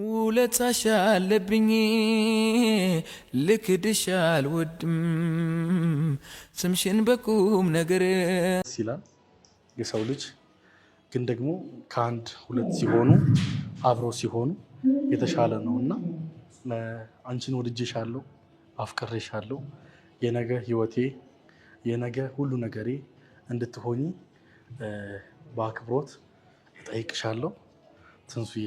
ውለታሽ አለብኝ ልክድሽ አልወድም ስምሽን በቁም ነገር ሲላል። የሰው ልጅ። ግን ደግሞ ከአንድ ሁለት ሲሆኑ አብሮ ሲሆኑ የተሻለ ነው እና አንቺን ወድጄሻለሁ፣ አፍቅሬሻለሁ የነገ ህይወቴ የነገ ሁሉ ነገሬ እንድትሆኚ በአክብሮት እጠይቅሻለሁ ትንሱዬ።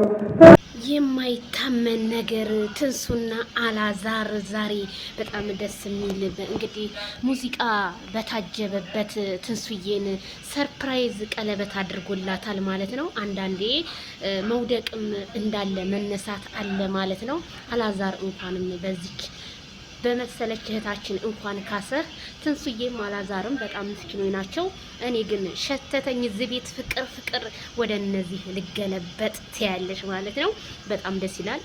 ትንሱና አላዛር ዛሬ በጣም ደስ የሚል እንግዲህ ሙዚቃ በታጀበበት ትንሱዬን ሰርፕራይዝ ቀለበት አድርጎላታል ማለት ነው። አንዳንዴ መውደቅም እንዳለ መነሳት አለ ማለት ነው። አላዛር እንኳንም በዚች በመሰለች እህታችን እንኳን ካሰር ትንሱዬም አላዛርም በጣም ምስኪኖች ናቸው። እኔ ግን ሸተተኝ እዚህ ቤት ፍቅር ፍቅር ወደ እነዚህ ልገለበጥ ትያለሽ ማለት ነው። በጣም ደስ ይላል።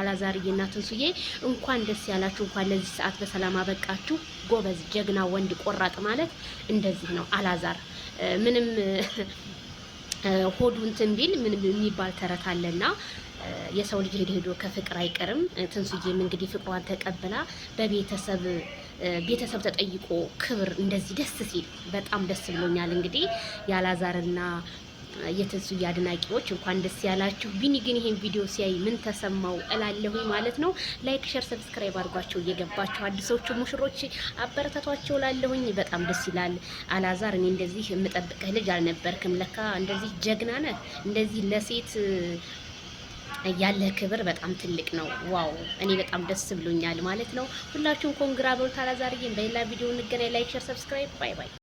አላዛርዬና ትንሱዬ እንኳን ደስ ያላችሁ፣ እንኳን ለዚህ ሰዓት በሰላም አበቃችሁ። ጎበዝ ጀግና ወንድ ቆራጥ ማለት እንደዚህ ነው። አላዛር ምንም ሆዱን ትንቢል ምን የሚባል ተረት አለና የሰው ልጅ ሄዶ ሄዶ ከፍቅር አይቀርም። ትንሱዬም እንግዲህ ፍቅሯን ተቀብላ በቤተሰብ ቤተሰብ ተጠይቆ ክብር እንደዚህ ደስ ሲል በጣም ደስ ብሎኛል። እንግዲህ ያላዛርና የትንሱዬ አድናቂዎች እንኳን ደስ ያላችሁ። ቢኒ ግን ይሄን ቪዲዮ ሲያይ ምን ተሰማው እላለሁኝ ማለት ነው። ላይክ፣ ሸር፣ ሰብስክራይብ አድርጓቸው እየገባቸው አዲሶቹ ሙሽሮች አበረታቷቸው እላለሁኝ። በጣም ደስ ይላል። አላዛር እኔ እንደዚህ የምጠብቅህ ልጅ አልነበርክም። ለካ እንደዚህ ጀግና ነህ። እንደዚህ ለሴት ያለህ ክብር በጣም ትልቅ ነው። ዋው እኔ በጣም ደስ ብሎኛል ማለት ነው። ሁላችሁም ኮንግራ በሉት አላዛርዬን። በሌላ ቪዲዮ እንገናኝ። ላይክ፣ ሸር፣ ሰብስክራይብ። ባይ ባይ